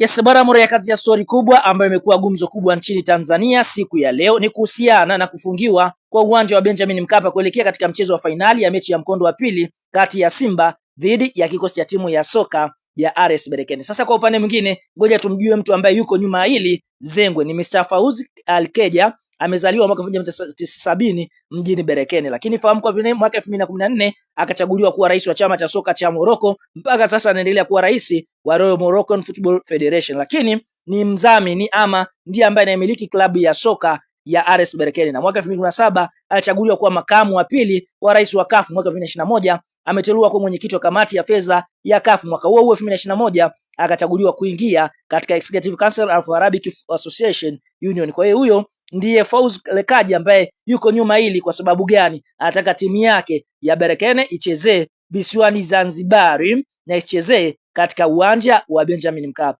Yes, bwana Mura, ya kazi ya stori kubwa ambayo imekuwa gumzo kubwa nchini Tanzania siku ya leo ni kuhusiana na kufungiwa kwa uwanja wa Benjamin Mkapa kuelekea katika mchezo wa fainali ya mechi ya mkondo wa pili kati ya Simba dhidi ya kikosi cha timu ya soka ya RS Berekeni. Sasa kwa upande mwingine, ngoja tumjue mtu ambaye yuko nyuma hili zengwe, ni Mr. Fauzi Alkeja amezaliwa mwaka 1970 mjini Berekene, lakini fahamu kwa vile mwaka 2014 akachaguliwa kuwa rais wa chama cha soka cha Morocco, mpaka sasa anaendelea kuwa rais wa Royal Moroccan Football Federation, lakini ni mzamini ama ndiye ambaye anayemiliki klabu ya soka ya RS Berekene, na mwaka 2017 alichaguliwa kuwa makamu wa pili wa rais wa CAF. Mwaka 2021 ameteuliwa kuwa mwenyekiti wa kamati ya fedha ya CAF. Mwaka huo huo 2021 akachaguliwa kuingia katika Executive Council of Arabic Association Union. Kwa hiyo huyo ndiye Fauz Lekaji ambaye yuko nyuma hili. Kwa sababu gani? Anataka timu yake ya Berekene ichezee visiwani Zanzibari na isichezee katika uwanja wa Benjamin Mkapa.